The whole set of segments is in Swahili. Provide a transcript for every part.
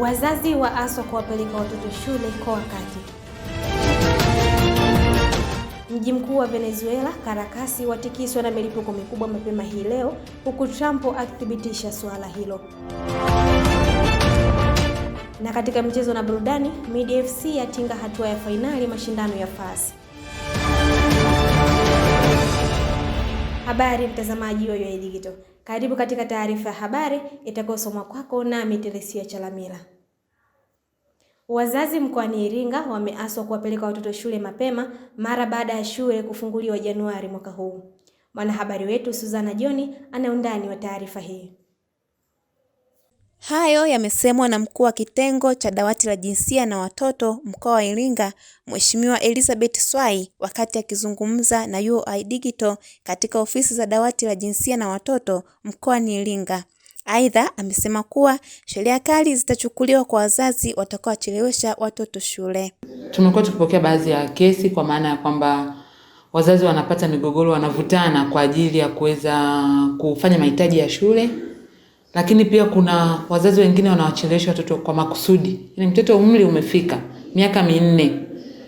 Wazazi wa aswa kuwapeleka watoto shule kwa wakati. Mji mkuu wa Venezuela karakasi watikiswa na milipuko mikubwa mapema hii leo, huku Trump akithibitisha suala hilo. Na katika mchezo na burudani, Midi FC yatinga hatua ya fainali mashindano ya fasi. Habari mtazamaji wa UoI e Digital. Karibu katika taarifa ya habari itakayosomwa kwako nami Telesia Chalamila. Wazazi mkoani Iringa wameaswa kuwapeleka watoto shule mapema mara baada ya shule kufunguliwa Januari mwaka huu. Mwanahabari wetu Suzana Joni ana undani wa taarifa hii. Hayo yamesemwa na mkuu wa kitengo cha dawati la jinsia na watoto mkoa wa Iringa, Mheshimiwa Elizabeth Swai wakati akizungumza na UoI Digital katika ofisi za dawati la jinsia na watoto mkoani Iringa. Aidha, amesema kuwa sheria kali zitachukuliwa kwa wazazi watakaochelewesha watoto shule. Tumekuwa tukipokea baadhi ya kesi kwa maana ya kwamba wazazi wanapata migogoro, wanavutana kwa ajili ya kuweza kufanya mahitaji ya shule lakini pia kuna wazazi wengine wanawachelewesha watoto kwa makusudi, yani mtoto umri umefika miaka minne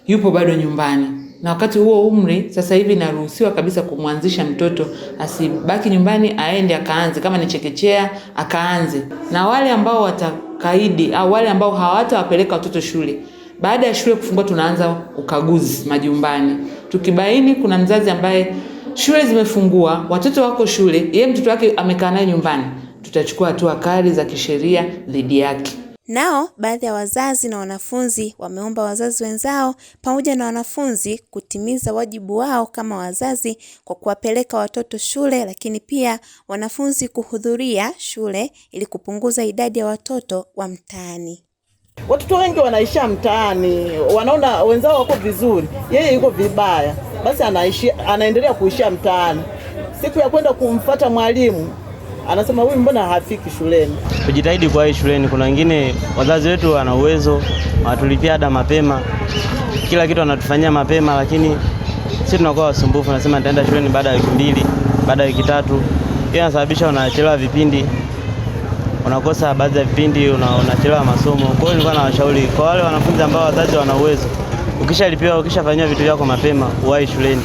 yupo bado nyumbani, na wakati huo umri sasa hivi inaruhusiwa kabisa kumwanzisha mtoto, asibaki nyumbani, aende akaanze, kama ni chekechea akaanze. Na wale ambao watakaidi au wale ambao hawatawapeleka watoto shule, baada ya shule kufungua, tunaanza ukaguzi majumbani, tukibaini kuna mzazi ambaye shule zimefungua, watoto wako shule, yeye mtoto wake amekaa naye nyumbani tutachukua hatua kali za kisheria dhidi yake. Nao baadhi ya wazazi na wanafunzi wameomba wazazi wenzao pamoja na wanafunzi kutimiza wajibu wao kama wazazi kwa kuwapeleka watoto shule, lakini pia wanafunzi kuhudhuria shule ili kupunguza idadi ya watoto wa mtaani. Watoto wengi wanaishia mtaani, wanaona wenzao wako vizuri, yeye yuko vibaya, basi anaishi, anaendelea kuishia mtaani. Siku ya kwenda kumfata mwalimu anasema huyu mbona hafiki shuleni. Tujitahidi hii shuleni, kuna wengine wazazi wetu wana uwezo watulipia ada mapema, kila kitu anatufanyia mapema, lakini sisi tunakuwa wasumbufu, nasema nitaenda shuleni baada ya wiki mbili, baada ya wiki tatu. Hiyo inasababisha unachelewa vipindi, unakosa baadhi ya vipindi, unachelewa masomo. Kwa hiyo nilikuwa na kwa wale wanafunzi ambao wazazi wana uwezo, ukishalipiwa, ukishafanyia vitu vyako mapema, uwahi shuleni.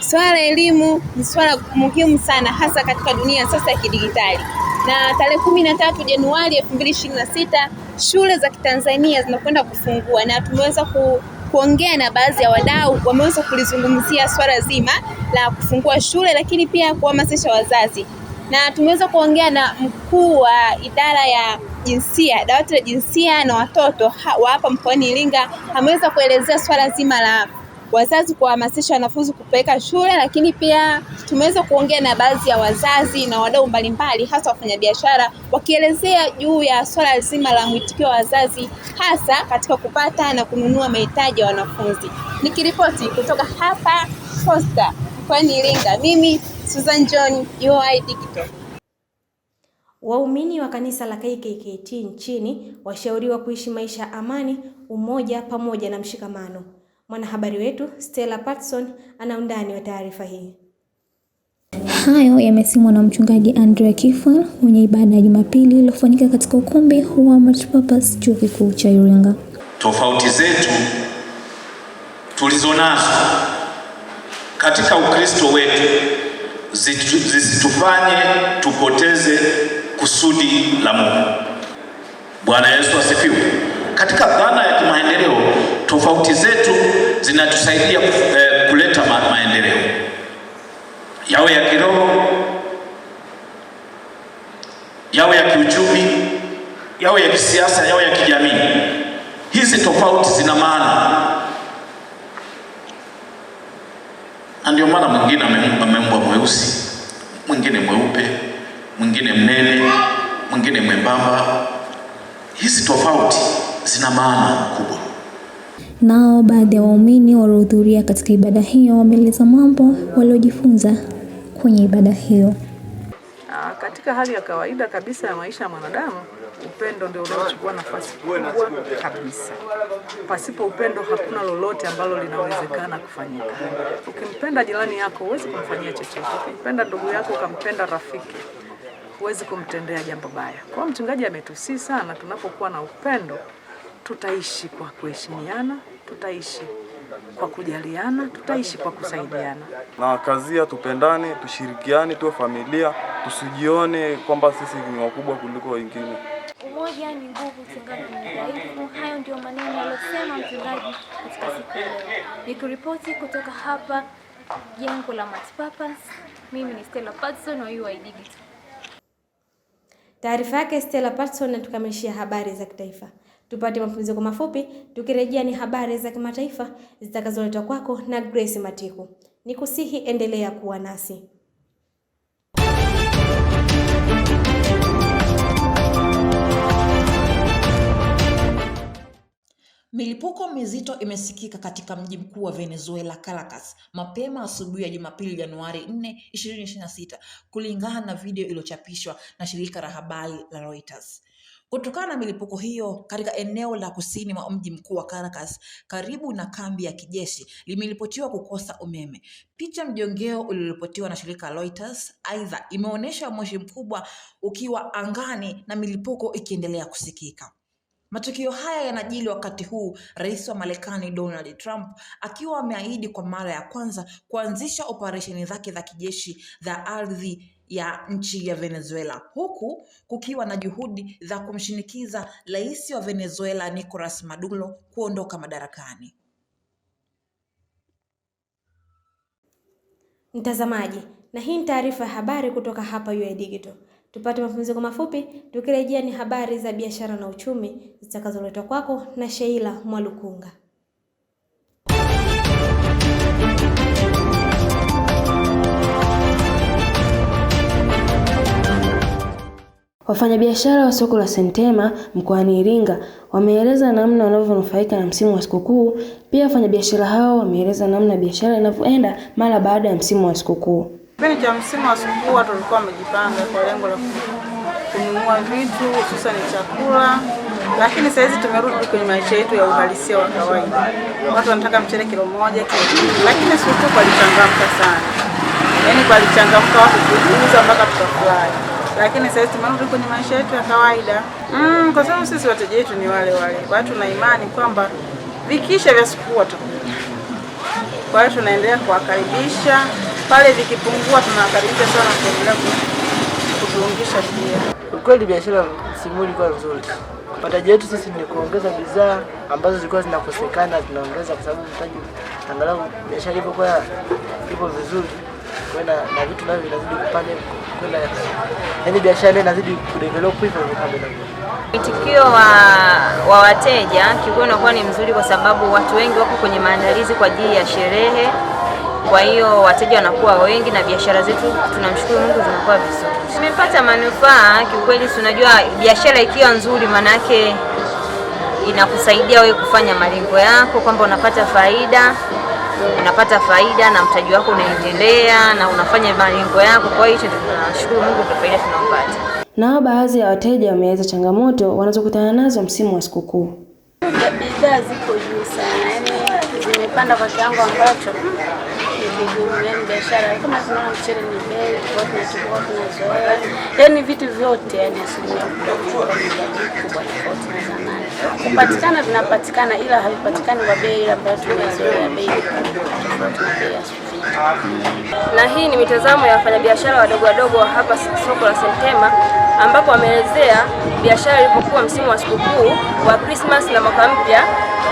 Swala la elimu ni swala muhimu sana hasa katika dunia sasa ya kidigitali, na tarehe kumi na tatu Januari elfu mbili ishirini na sita shule za Kitanzania zinakwenda kufungua na tumeweza ku kuongea na baadhi ya wadau wameweza kulizungumzia swala zima la kufungua shule, lakini pia kuhamasisha wazazi, na tumeweza kuongea na mkuu wa idara ya jinsia, dawati la jinsia na watoto wa hapa mkoani Iringa. Ameweza kuelezea swala zima la wazazi kuwahamasisha wanafunzi kupeleka shule, lakini pia tumeweza kuongea na baadhi ya wazazi na wadau mbalimbali, hasa wafanyabiashara, wakielezea juu ya swala zima la mwitikio wa wazazi, hasa katika kupata na kununua mahitaji ya wanafunzi. Nikiripoti kutoka hapa Posta mkoani Iringa, mimi Susan John, UoI Digital. Waumini wa kanisa la KKKT nchini washauriwa kuishi maisha ya amani, umoja pamoja na mshikamano. Mwanahabari wetu Stella Patson ana undani wa taarifa hii. Hayo yamesemwa na mchungaji Andrea Kifwa mwenye ibada ya Jumapili iliyofanyika katika ukumbi wa Multipurpose chuo kikuu cha Iringa. Tofauti zetu tulizonazo katika Ukristo wetu zisitufanye tupoteze kusudi la Mungu. Bwana Yesu asifiwe. Katika dhana ya kimaendeleo Tofauti zetu zinatusaidia eh, kuleta ma maendeleo yawe ya kiroho, yawe ya kiuchumi, yawe ya kisiasa, yawe ya kijamii. Hizi tofauti zina maana, na ndio maana mwingine ameumbwa mweusi, mwingine mweupe, mwingine mnene, mwingine mwembamba. Hizi tofauti zina maana kubwa. Nao baadhi ya waumini waliohudhuria katika ibada hiyo wameeleza mambo waliojifunza kwenye ibada hiyo. Ah, katika hali ya kawaida kabisa ya maisha ya mwanadamu, upendo ndio unaochukua nafasi kubwa kabisa. Pasipo upendo hakuna lolote ambalo linawezekana kufanyika. Ukimpenda jirani yako huwezi kumfanyia chochote, ukimpenda ndugu yako, ukampenda rafiki huwezi kumtendea jambo baya. Kwa mchungaji ametusii sana, tunapokuwa na upendo tutaishi kwa kuheshimiana, tutaishi kwa kujaliana, tutaishi kwa kusaidiana. Na kazia, tupendane, tushirikiane, tuwe familia, tusijione kwamba sisi ni wakubwa kuliko wengine. Umoja ni nguvu, utengano ni udhaifu. Hayo ndio maneno aliyosema mtendaji katika siku hiyo. leo. Nikiripoti kutoka hapa jengo la Matpapas, mimi ni Stella Patson wa UoI Digital. Taarifa yake Stella Patson. Natukamilishia habari za kitaifa. Tupate mapumziko mafupi, tukirejea ni habari za kimataifa zitakazoletwa kwako na Grace Matiku. Nikusihi endelea kuwa nasi. Milipuko mizito imesikika katika mji mkuu wa Venezuela Caracas, mapema asubuhi ya Jumapili Januari 4, 2026 kulingana na video iliyochapishwa na shirika la habari la Reuters. Kutokana na milipuko hiyo katika eneo la kusini mwa mji mkuu wa Caracas karibu na kambi ya kijeshi limeripotiwa kukosa umeme. Picha mjongeo ulioripotiwa na shirika Reuters aidha imeonyesha moshi mkubwa ukiwa angani na milipuko ikiendelea kusikika. Matukio haya yanajili wakati huu rais wa Marekani Donald Trump akiwa ameahidi kwa mara ya kwanza kuanzisha operesheni zake za kijeshi za ardhi ya nchi ya Venezuela, huku kukiwa na juhudi za kumshinikiza rais wa Venezuela Nicolas Maduro kuondoka madarakani. Mtazamaji, na hii ni taarifa ya habari kutoka hapa UoI Digital. Tupate mapumziko mafupi, tukirejea ni habari za biashara na uchumi zitakazoletwa kwako na Sheila Mwalukunga. Wafanyabiashara wa soko la Sentema mkoani Iringa wameeleza namna wanavyonufaika na msimu wa sikukuu. Pia wafanyabiashara hao wameeleza namna biashara inavyoenda mara baada ya msimu wa sikukuu. Kipindi cha msimu wa sikukuu watu walikuwa wamejipanga kwa lengo la kununua vitu hususan chakula, lakini hizi tumerudi kwenye maisha yetu ya uhalisia wa kawaida. Watu wanataka mchele kilo moja kilo mbili, lakini sikukuu walichangamka sana, yaani walichangamka watu kuuza mpaka tukafurahi lakini sasa tumerudi kwenye maisha yetu ya kawaida mm, kwa sababu sisi wateja wetu ni wale wale watu, na imani kwamba vikisha vya sikukuu Kwa hiyo tunaendelea kuwakaribisha pale, vikipungua tunawakaribisha sana kuendelea kutuungisha pia. Ukweli biashara simu ilikuwa nzuri, wateja wetu sisi ni kuongeza bidhaa ambazo zilikuwa zinakosekana, zinaongeza kwa sababu mtaji, angalau biashara ilivyokuwa ipo vizuri kwenda na vitu navyo vinazidi kupanda kwenda, yaani biashara inazidi kudevelop hivyo Mwitikio wa, wa wateja kikuwa unakuwa ni mzuri, kwa sababu watu wengi wako kwenye maandalizi kwa ajili ya sherehe. Kwa hiyo wateja wanakuwa wengi na biashara zetu tunamshukuru Mungu zinakuwa vizuri, tumepata manufaa kiukweli. Tunajua biashara ikiwa nzuri, maana yake inakusaidia wewe kufanya malengo yako kwamba unapata faida unapata faida na mtaji wako unaendelea na unafanya malengo yako. Kwa hiyo tunashukuru Mungu kwa faida tunayopata. Na baadhi ya wateja wameeleza changamoto wanazokutana nazo msimu wa sikukuu. Bidhaa ziko juu sana, yaani zimepanda kwa kiwango ambacho ni yaani biashara kama tunaona mchele ni bei tofauti na tulikuwa tunazoea, yaani vitu vyote, yaani asilimia kubwa tofauti na zamani kupatikana vinapatikana, ila havipatikani kwa bei ile ambayo tumezoea, bei na hii ni mitazamo ya wafanyabiashara wadogo wadogo wa hapa soko la sentema ambapo wameelezea biashara ilipokuwa msimu wa sikukuu wa Christmas na mwaka mpya.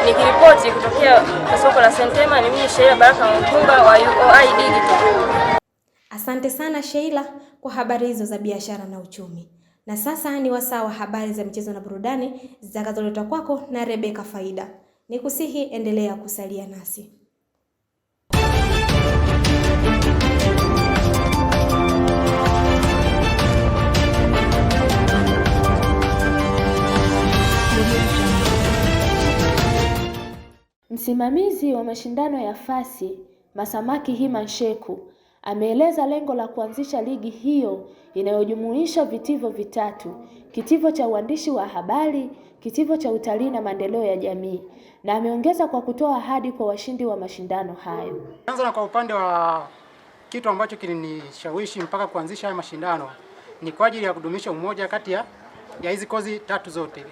Nikiripoti kutokea soko la sentema ni mimi Sheila Baraka Mpunga wa UoI Digital. Asante sana Sheila kwa habari hizo za biashara na uchumi. Na sasa ni wasaa wa habari za michezo na burudani zitakazoletwa kwako na Rebeka Faida. Nikusihi endelea kusalia nasi. Msimamizi wa mashindano ya fasi Masamaki Himansheku Ameeleza lengo la kuanzisha ligi hiyo inayojumuisha vitivo vitatu: kitivo cha uandishi wa habari, kitivo cha utalii na maendeleo ya jamii, na ameongeza kwa kutoa ahadi kwa washindi wa mashindano hayo. Anza na kwa upande wa kitu ambacho kilinishawishi mpaka kuanzisha haya mashindano ni kwa ajili ya kudumisha umoja kati ya ya hizi kozi tatu zote,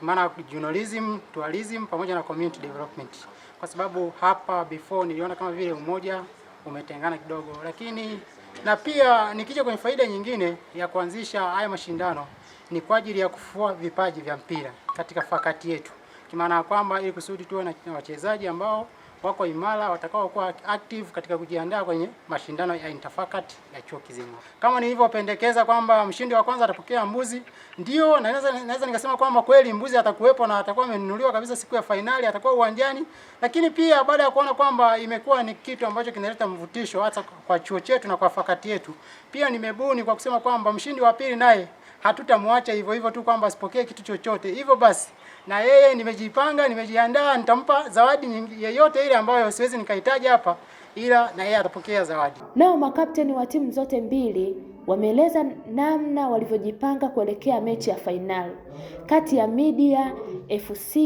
maana journalism, tourism pamoja na community development, kwa sababu hapa before niliona kama vile umoja umetengana kidogo, lakini na pia nikija kwenye faida nyingine ya kuanzisha haya mashindano ni kwa ajili ya kufua vipaji vya mpira katika fakati yetu, kimaana ya kwamba ili kusudi tuwe na wachezaji ambao wako imara watakaokuwa active katika kujiandaa kwenye mashindano ya Interfacat ya chuo kizima. Kama nilivyopendekeza kwamba mshindi wa kwanza atapokea mbuzi, ndio naweza naweza nikasema kwamba kweli mbuzi atakuwepo na atakuwa amenunuliwa kabisa siku ya fainali, atakuwa uwanjani, lakini pia baada ya kuona kwamba imekuwa ni kitu ambacho kinaleta mvutisho hata kwa chuo chetu na kwa fakati yetu, pia nimebuni kwa kusema kwamba mshindi wa pili naye hatutamwacha hivyo hivyo tu kwamba asipokee kitu chochote. Hivyo basi na yeye nimejipanga, nimejiandaa, nitampa zawadi yeyote ile ambayo siwezi nikahitaji hapa, ila na yeye atapokea zawadi. Nao makapteni wa timu zote mbili wameeleza namna walivyojipanga kuelekea mechi ya fainali kati ya Media FC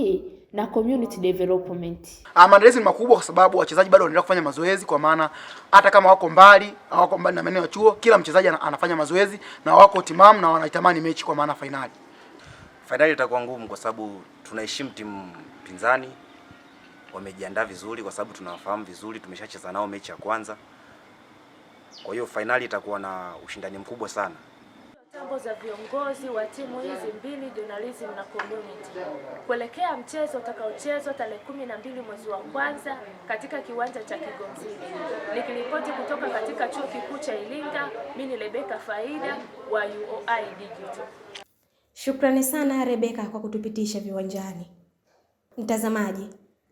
na Community Development. Maandalizi ni makubwa kwa sababu wachezaji bado wanaendelea kufanya mazoezi, kwa maana hata kama wako mbali hawako mbali na maeneo ya chuo, kila mchezaji anafanya mazoezi na wako timamu na wanaitamani mechi, kwa maana fainali fainali itakuwa ngumu kwa sababu tunaheshimu timu pinzani, wamejiandaa vizuri kwa sababu tunawafahamu vizuri, tumeshacheza nao mechi ya kwanza. Kwa hiyo fainali itakuwa na ushindani mkubwa sana. Tambo za viongozi wa timu hizi mbili, journalism na community, kuelekea mchezo utakaochezwa tarehe kumi na mbili mwezi wa kwanza katika kiwanja cha Kigomzini. Nikiripoti kutoka katika chuo kikuu cha Iringa, mimi ni Rebecca Faida wa UoI Digital. Shukrani sana Rebeka kwa kutupitisha viwanjani. Mtazamaji,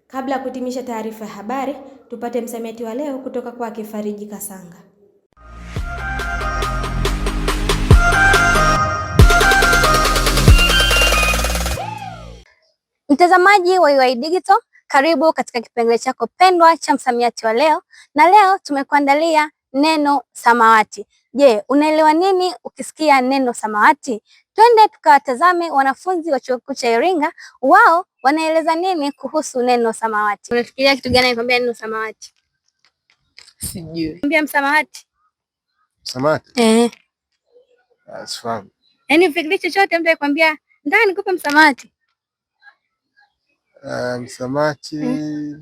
kabla ya kuhitimisha taarifa ya habari, tupate msamiati wa leo kutoka kwake Fariji Kasanga. Mtazamaji wa UoI Digital, karibu katika kipengele chako pendwa cha msamiati wa leo, na leo tumekuandalia neno samawati. Je, unaelewa nini ukisikia neno samawati? Twende tukawatazame wanafunzi wa chuo kikuu cha Iringa, wao wanaeleza nini kuhusu neno samawati. Unafikiria kitu gani nikwambia neno samawati? Sijui. Niambia msamawati. Samawati? Eh. That's Asifahamu. Yaani ufikiri chochote mtu akwambia, "Ndani nikupe msamawati." Ah, msamawati. Eh.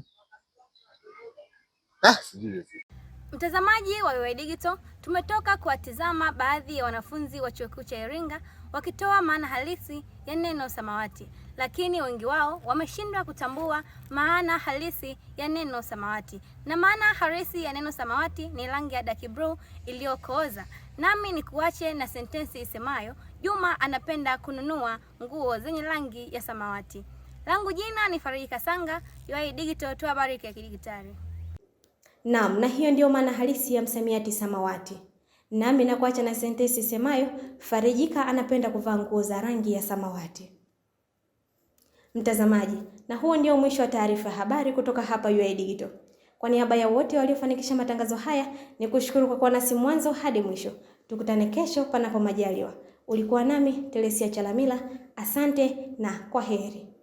Ah, sijui. Mtazamaji wa UoI Digital, tumetoka kuwatizama baadhi ya wanafunzi wa Chuo Kikuu cha Iringa wakitoa maana halisi ya neno samawati, lakini wengi wao wameshindwa kutambua maana halisi ya neno samawati. Na maana halisi ya neno samawati ni rangi ya dark blue iliyokooza. Nami ni kuache na sentensi isemayo Juma anapenda kununua nguo zenye rangi ya samawati. Langu jina ni Fariji Kasanga, UoI Digital, tu habari ya kidigitali. Naam, na hiyo ndiyo maana halisi ya msamiati samawati. Nami nakuacha na sentensi semayo Farijika anapenda kuvaa nguo za rangi ya samawati. Mtazamaji, na huo ndio mwisho wa taarifa ya habari kutoka hapa UoI Digital. Kwa niaba ya wote waliofanikisha matangazo haya, ni kushukuru kwa kuwa nasi mwanzo hadi mwisho. Tukutane kesho, panapo majaliwa. Ulikuwa nami Telesia Chalamila, asante na kwa heri.